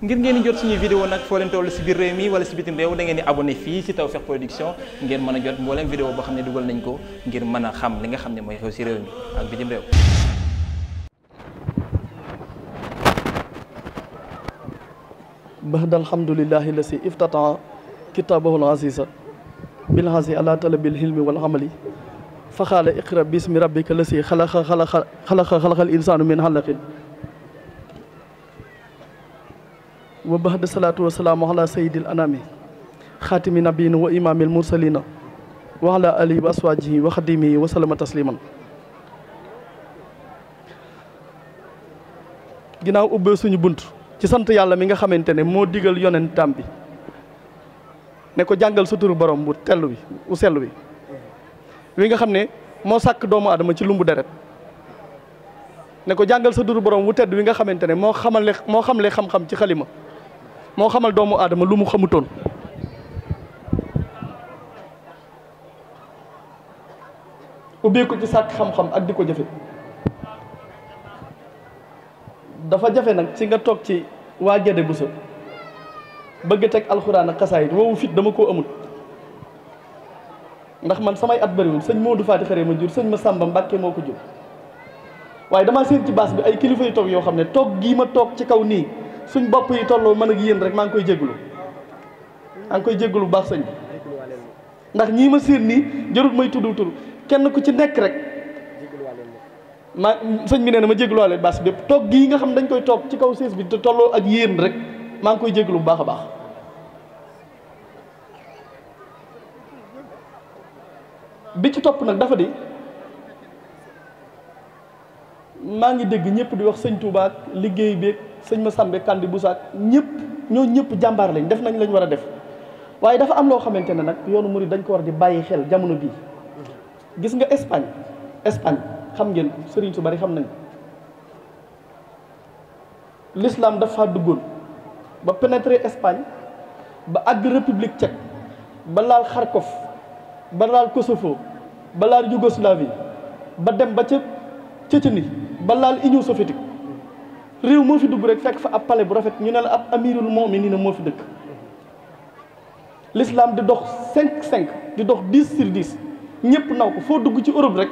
ngir ngeen jot suñuy vidéo nag foo toll si biir réew mi wala si bitim réew da ngeen di abonné fii si Tawfekh Production ngeen mën a jot mbooleem vidéo boo xam ne dugal nañ ko ngir mën a xam li nga xam ne mooy xew si réew mi ak bitim réew bahd alhamdulillahi la si iftata kitabahul aziza bilhaasi ala talabil hilmi wal amali faxaala iqra bismi rabbika la si xalaqa xalaqa xalaqa xalaqal insaanu min xalaqin wa baxda salaatu wa salaamu ala sayidil anami xaatimi nabiina wa imaamil mursalina wa ala alihi wa aswaajihi wa xadimihi wa salama tasliman ginnaaw ubbee suñu bunt ci sant yàlla mi nga xamante ne moo digal yonentam bi ne ko jàngal sa turu borom bu tell bi bu wi nga xam ne moo sàkk doomu adama ci lumbu deret ne ko jàngal sa turu borom bu tedd wi nga xamante ne moo xamale moo xamle xam-xam ci xalima moo xamal doomu aadama lu mu xamutoon ubbee ko ci sàkk xam-xam ak di ko jafe dafa jafe nag ci nga toog ci waa bu Bousso bëgg teg alxuraan ak xasaayit woowu fit dama koo amul ndax man samay at bëriwul sëñ Modou Faty Xare ma jur sëñ ma Sàmba Mbàkke moo ko jur waaye damaa seen ci baas bi ay kilifa yu toog yoo xam ne toog gii ma toog ci kaw nii suñ bopp yi tolloo mën ak yéen rek maa ngi koy jégalu maa ngi koy jégalu bu baax sëñ bi ndax ñii ma séen nii jarul may tudd tudd kenn ku ci nekk rek ma sëñ bi nee na ma jégaluwaale baas bépp toog gii nga xam dañ koy toog ci kaw siis bi te tolloo ak yéen rek maa ngi koy jégalu bu baax a baax. bi ci topp nag dafa di maa ngi dégg ñëpp di wax sëñ Touba liggéey bi. sëñ ma sàmbe kandi bu saak ñëpp ñoo ñëpp jàmbaar lañ def nañ lañ war a def waaye dafa am loo xamante ne nag yoonu murid dañ ko war di bàyyi xel jamono bii gis nga Espagne Espagne xam ngeen sëriñ su bari xam nañ l'islam dafa duggoon ba pénétrer Espagne ba àgg république tchèque ba laal Kharkov ba laal Kosovo ba laal Yougoslavie ba dem ba ca Tchétchénie ba laal Union soviétique réew moo fi dugg rek fekk fa ab pale bu rafet ñu ne la ab amirul mu'minin moo fi dëkk l'islam di dox cinq cinq di dox dix sur dix ñëpp naw ko foo dugg ci Europe rek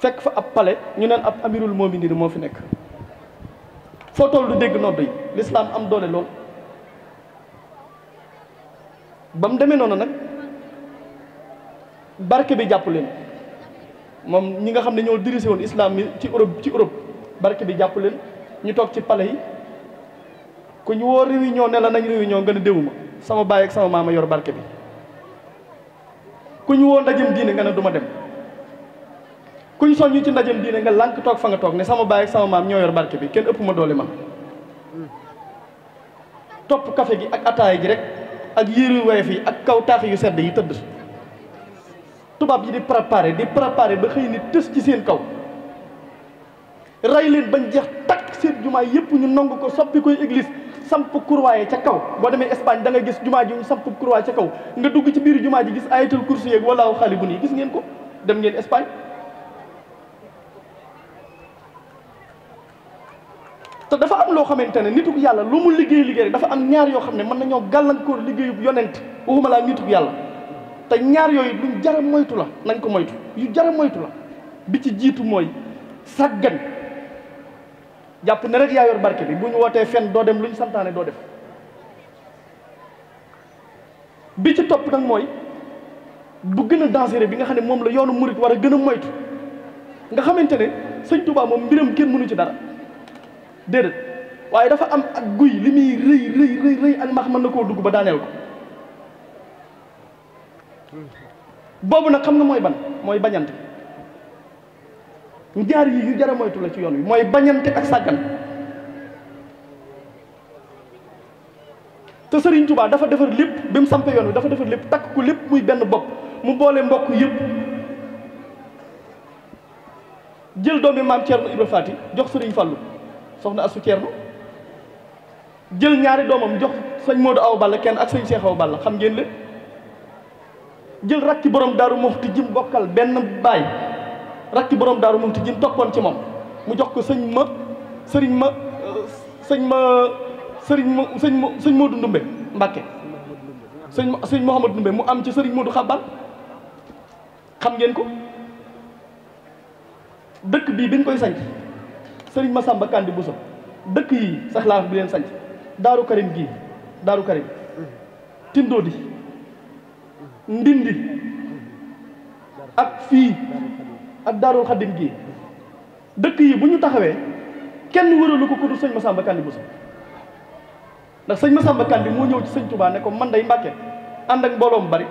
fekk fa ab pale ñu neen ab amirul mu'minin moo fi nekk foo toll dégg nodd yi l'islam am doole lool ba mu demee noonu nag barke bi jàpp leen moom ñi nga xam ne ñoo dirigé woon islam mi ci Europe ci Europe barke bi jàpp ñu toog ci pale yi ku ñu woo réunion ne la nañ réunion nga ne déwuma sama baay ak sama maama yor barke bi ku ñu woo ndajem diine nga ne duma ma dem ku ñu soññu ci ndajem diine nga lank toog fa nga toog ne sama baay ak sama maam ñoo yor barke bi kenn ëpp ma doole man topp café gi ak ataay gi rek ak yéeru weef yi ak kaw taax yu sedd yi tëdd tubaab yi di préparé di préparé ba xëy ni tës ci seen kaw rey leen bañ jeex takk seen jumaa yëpp ñu nangu ko soppi koy église samp kurwaaye ca kaw boo demee Espagne da gis jumaa ji ñu samp kurwaaye ca kaw nga dugg ci biir jumaa ji gis ayatul kursi yeeg walaaw xaali bu nii gis ngeen ko dem ngeen Espagne te dafa am loo xamante ne nituk yàlla lu mu liggéey liggéey rek dafa am ñaar yoo xam ne mën nañoo gàllankoor liggéeyub yonent waxuma laa nituk yàlla te ñaar yooyu luñ jara moytu la nañ ko moytu yu jara moytu bi ci jiitu mooy sàggan jàpp ne rek yaa barke bi bu ñu wootee fen doo dem lu ñu santaane doo def bi ci topp nag mooy bu gën a dangereux bi nga xam ne moom la yoonu murit war a gën a moytu nga xamante ne sëñ Tuubaa moom mbiram kenn mënu ci dara déedéet waaye dafa am ak guy li muy rëy rëy rëy rëy ak max mën na koo dugg ba daaneel ko boobu nag xam nga mooy ban mooy bañante ñaar yi yu jara moytu la ci yoon wi mooy bañante ak sàggan te sëriñ Touba dafa defar lépp bi mu sampee yoon wi dafa defar lépp takk ko lépp muy benn bopp mu boole mbokk yëpp jël yi maam Thierno Ibra Fati jox Serigne Fallou soxna Assou Thierno jël ñaari doomam jox sëñ Modou aw Balla kenn ak sañ seexaw Awa Balla xam ngeen lépp jël rakki borom Daaru Muxti jim bokkal benn baay rakki borom daaru munti jim toppoon ci moom mu jox ko sëñ ma sëriñ ma sëñ ma sëriñ ma sëñ ma sëñ Modou Ndumbe Mbàkke sëñ sëñ Mouhamadou Ndumbe mu am ci sëriñ Modou Xabbal xam ngeen ko dëkk bii biñ koy sanc sëriñ Massamba Kandi Bousso dëkk yi sax laa bi leen sanc Daaru Karim gii Daaru Karim Tindodi Ndindi ak fii ak daarul xaddim gii dëkk yi bu ñu taxawee kenn wëralu ko ku dul sëñ Massamba Kandi Bousso ndax sëñ Massamba Kandi moo ñëw ci sëñ Touba ne ko man day Mbàkke ànd ak mbooloo mu bari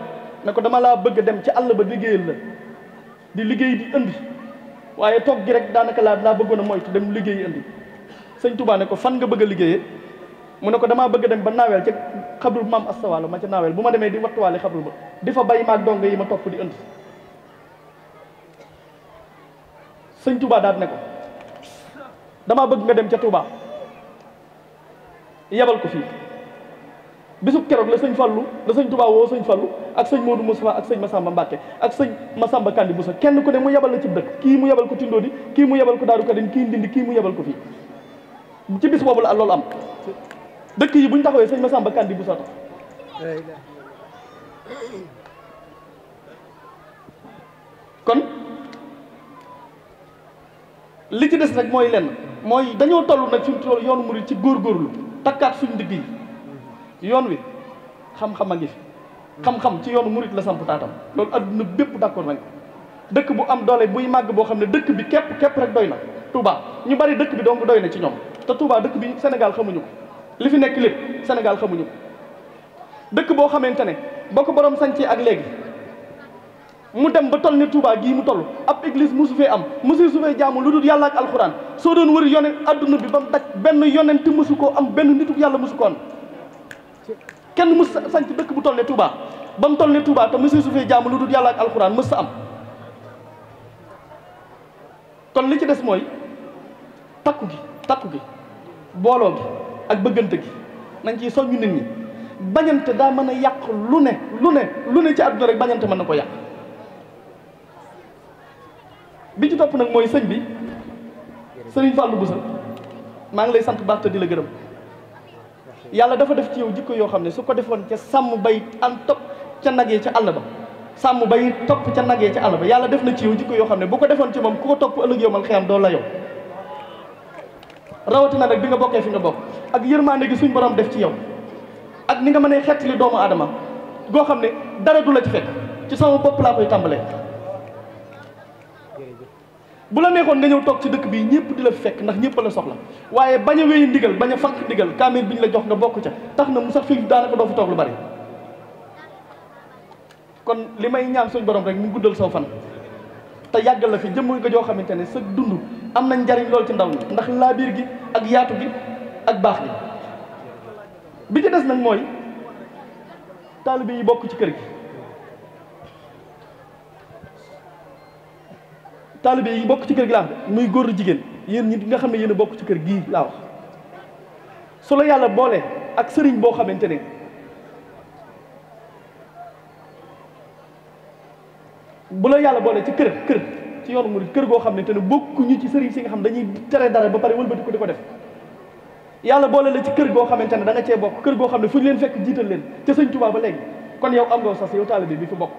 ne ko dama laa bëgg dem ci àll ba liggéeyal la di liggéey di indi waaye toog gi rek daanaka laa laa bëggoon a moytu dem liggéey indi sëñ Touba ne ko fan nga bëgg a liggéeyee mu ne ko damaa bëgg dem ba naaweel ca xabrul maam astawaalo ma ca naaweel bu ma demee di wattuwaale xabrul ba di fa bay dong yi ma topp di indi sëñ Touba daal ne ko damaa bëgg nga dem ca Touba yebal ko fii bisub keroog la sëñ Fallou la sëñ Touba woo sëñ Fallou ak sëñ mu Moussa ak sëñ ma Massamba Mbacke ak sëñ Massamba Kandi Moussa kenn ku de mu yebal la ci dëkk kii mu yebal ko di kii mu yebal ko Daaru Karim kii Ndindi kii mu yebal ko fii ci bis boobu la loolu am dëkk yi bu ñu taxawee sëñ Massamba Kandi Moussa tax li ci des nag mooy lenn mooy dañoo tollu nag suñu toll yoonu murid ci góorgóorlu takkaat suñu digg yi yoon wi xam-xam a ngi fi xam-xam ci yoonu murid la samp taatam loolu àdduna bépp d'accord nañ dëkk bu am doole buy màgg boo xam ne dëkk bi képp képp rek doy na Touba ñu bari dëkk bi donc doy na ci ñoom te Touba dëkk bi Sénégal xamuñu ko li fi nekk lépp Sénégal xamuñu ko dëkk boo xamante ne boo ko sañ ci ak léegi mu dem ba toll ne Touba gii mu toll ab église mosu fee am mosu su fee jaamu lu dul yàllaak ak alxuraan soo doon wër yone adduna bi ba mu daj benn yonent mosu koo am benn nitu yàlla mosu ko am kenn mos sanc dëkk bu toll ne Touba ba mu toll ne Touba te mosu su fee jaamu lu dul yàlla ak alxuraan mos sa am kon li ci des mooy takku gi takku gi booloo gi ak bëggante gi nañ ciy soññu nit ñi bañante daa mën a yàq lu ne lu ne lu ne ci àdduna rek bañante mën na ko yàq bi ci topp nag mooy sëñ bi sëriñ Fallou Boussa maa ngi lay sant baax te di la gërëm yàlla dafa def ci yow jikko yoo xam ne su ko defoon ca sàmm bay an topp ca nag yee ca àll ba sàmm bay topp ca nag yee ca àll ba yàlla def na ci yow jikko yoo xam ne bu ko defoon ci moom ku ko topp ëllëg yow man xeyam doo la yow rawatina nag bi nga bokkee fi nga bokk ak yërmaande gi suñ borom def ci yow ak ni nga mënee xettali doomu aadama goo xam ne dara du la ci fekk ci sama bopp laa koy bu la nekkoon nga ñëw toog ci dëkk bi ñëpp di la fekk ndax ñëpp la soxla waaye bañ a wéy ndigal bañ a fakk ndigal kaamil bi ñu la jox nga bokk ca tax na mu sax fii daanaka doo fi toog lu bari kon li may ñaan suñ borom rek mu guddal saw fan te yàggal la fi jëmm nga joo xamante ne sa dund am na njariñ lool ci ndaw ñi ndax laabiir gi ak yaatu gi ak baax gi bi ci des nag mooy taalibe yi bokk ci kër gi taalibe yi bokk ci kër gi laa muy góor jigéen yéen ñi nga xam ne yéen a bokk ci kër gii laa wax su yàlla boole ak sëriñ boo xamante ne bu la yàlla boole ci kër kër ci yoonu murid kër goo xam ne te ne bokkuñu ci sëriñ si nga xam dañuy tere dara ba pare wëlbati ko di def yàlla boole la ci kër goo xamante ne danga cee bokk kër goo xam ne fu leen fekk jiital leen te sëñ Tuubaa ba léegi kon yow am nga sas yow taalibe bi fi bokk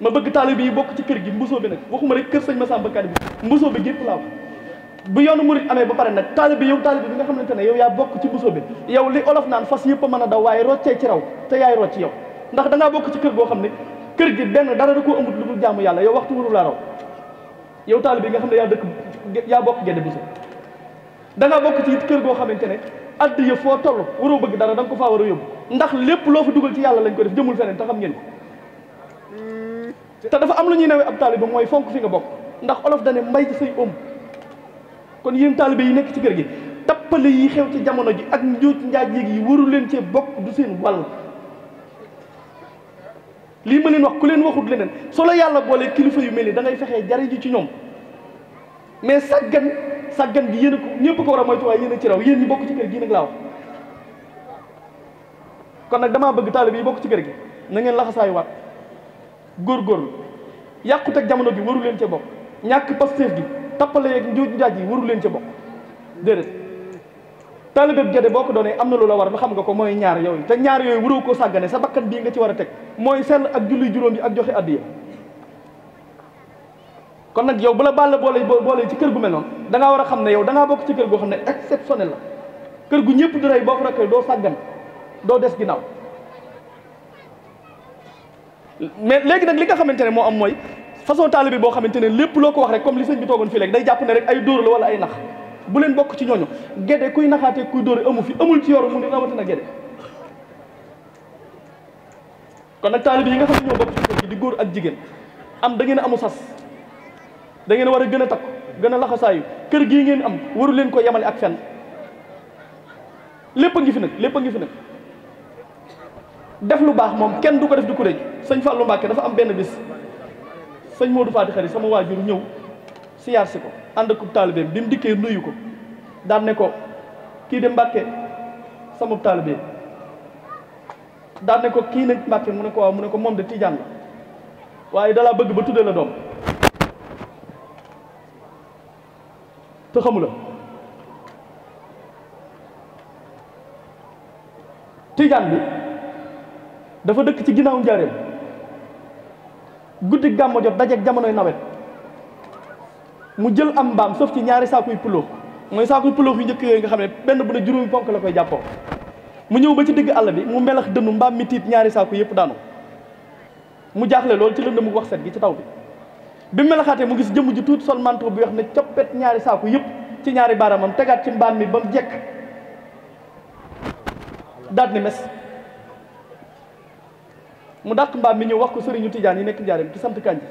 ma bëgg taalibe yi bokk ci kër gi mbusoo bi nag waxuma rek kër sëñ Massamba Kanni bi mbusoo bi gépp laa wax bu yoonu murit amee ba pare nag taalibe yow taalibe bi nga xamante ne yow yaa bokk ci mbusoo bi yow li naan fas yëpp a waaye roccee ci raw te yaay rocc yow ndax da bokk ci kër goo xam ne kër gi benn dara da koo amut lu dul jaamu yàlla yow waxtu wuru laa raw yow taalibe yi nga xam ne yaa dëkk yaa bokk gedde mbusoo da ngaa bokk ci kër goo xamante ne addi yëf foo toll waroo bëgg dara da nga ko faa war a yóbbu ndax lépp loo fa dugal ci yàlla lañ ko def jëmul feneen te xam ngeen ko te dafa am lu ñuy newee ab taaliba mooy fonk fi nga bokk ndax olof dane mbay ci say om kon yéen taalibe yi nekk ci kër gi tappale yi xew ci jamono ji ak njuuj njaaj yéeg yi waru leen cee bokk du seen wàll lii ma leen wax ku leen waxut leneen soo la yàlla boolee kilifa yu mel ni da ngay fexee jariñu ci ñoom mais sàggan sàggan gi yéen a ko ñëpp ko war a moytu waaye ci raw yéen ñi bokk ci kër gi nag laa wax kon nag damaa bëgg taalibe yi bokk ci kër gi na ngeen laxasaay waat góor góorgóorlu yàqut ak jamono bi waru leen ca bokk ñàkk pasteef gi tappale yeeg njuuj njaaj yi waru leen ca bokk déedéet taalibeeb gede boo ko doonee am na lu la war lu xam nga ko mooy ñaar yi te ñaar yooyu waroo ko sàggane sa bakkan bii nga ci war a teg mooy sell ak julli juróom yi ak joxe addiya kon nag yow bu la bàll boole boole ci kër gu mel noonu da ngaa war a xam ne yow da bokk ci kër goo xam ne exceptionnel la kër gu ñëpp di rey boo fa rakkee doo sàggan doo des ginnaaw mais léegi nag li nga xamante ne moo am mooy façon taalibe boo xamante ne lépp loo ko wax rek comme li sëñ bi toogoon fii jàpp ne ay dóor la ay nax bu leen bokk ci ñooñu gede kuy naxaatee kuy amu fi amul ci yoru mu ne amati na gede kon nag taalibe yi nga xam ne di góor ak jigéen am da ngeen sas da war a gën a takk gën a laxasaayu kër gii ngeen am waru leen ko yemale ak fenn lépp a ngi fi nag lépp a ngi fi nag def lu baax moom kenn du ko def di ko rëcc sëñ Fallou Mbacke dafa am benn bis sëñ Modou Fati Xari sama waajur ñëw siyaar si ko ànd ak taalibeem bi mu dikkee nuyu ko daan ne ko kii de Mbacke sama taalibeem daan ne ko kii nag Mbacke mu ne ko waaw mu ne ko moom de Tijaan la waaye dalaa bëgg ba tudde la doom te xamu la bi dafa dëkk ci ginnaaw njaareem guddi gàmmu jot dajeeg jamonoy nawet mu jël am mbaam sauf ci ñaari saakuy pulo mooy saakuy pulo yu njëkk yooyu nga xam ne benn bu ne juróomi ponk la koy jàppoo mu ñëw ba ci digg àll bi mu melax dënnu mbaam mi tiit ñaari saaku yëpp daanu mu jaaxle loolu ci lëndëm mu wax set gi ci taw bi bi melaxaatee mu gis jëmm ji tuut sol manto bi wax ne coppet ñaari saaku yëpp ci ñaari baaraamam tegaat ci mbaam mi ba mu jekk daat ni mes mu dàq mbaam mi ñëw wax ko sëriñu tijaan yi nekk njaareem ki sant kanji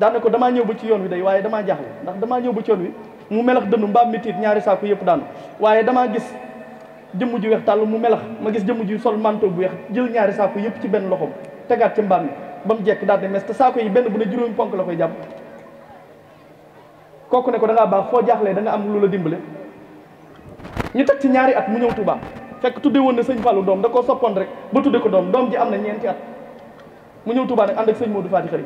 daana ko damaa ñëw ba ci yoon wi day waaye damaa jaaxle ndax damaa ñëw ba ci yoon wi mu melax dëndu mbaam mi tiit ñaari saako yëpp daanu waaye damaa gis jëmm ju weex tàll mu melax ma gis jëmm ji sol manteau bu weex jël ñaari saako yëpp ci benn loxoom tegaat ci mbaam mi ba mu jekk daal di mes te saako yi benn bu ne juróomi ponk la koy jàpp kooku ne ko da baax foo jaaxlee da nga am dimbale ñu teg ci ñaari at mu ñëw Tuubaa fekk tudde woon na sëñ Fallou doom da koo soppoon rek ba tudde ko doom doom ji am na ñeenti at mu ñëw Touba nag ànd ak sëñ Modou Fadi Xari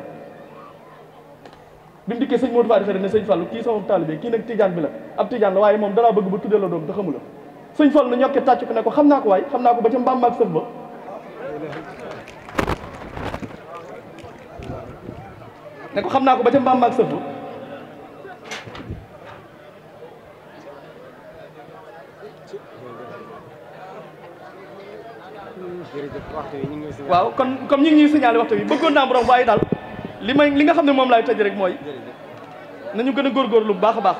bi mu dikkee sëñ Modou Fadi Xari ne sëñ Fallou kii sama taalibe kii nag tijaan bi la ab tijaan la waaye moom dalaa bëgg ba tudde la doom te xamu la sëñ Fallou na ñokkee tàcc ko ne ko xam naa ko waay xam naa ko ba ca mbaam maag sëf ba xam naa ko ba ca mbaam maag sëf ba waaw kon comme ñu ngi ñuy signalé waxtu bi bëggoon naa borom waaye daal li may li nga xam ne moom laay tëj rek mooy nañu gën a góorgóorlu bu baax a baax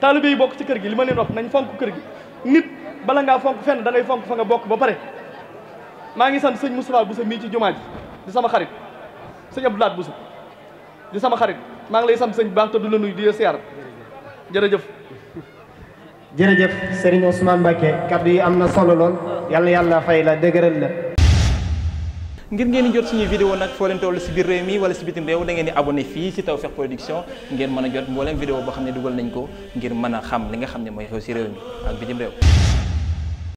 taalibe yi bokk ci kër gi li ma leen wax nañ fonk kër gi nit bala ngaa fonk fenn da ngay fonk fa nga bokk ba pare maa ngi sant sëñ Moustapha Bousso mii ci jumaa ji di sama xarit sëñ bu Bousso di sama xarit maa ngi lay sant sëñ bu baax te du la di siyaar jërëjëf jërëjëf sëriñ Ousmane Mbacké kaddu yi am na solo lool yàlla yàlla fay la dëgëral la. ngir ngeen di jot suñu vidéo nag foo leen toll si biir réew mi wala si bitim réew da ngeen di abonné fii taw Tawfekh Production ngeen mën a jot mbooleem vidéo boo xam ne dugal nañ ko ngir mën a xam li nga xam ne mooy xew si réew mi ak bitim réew.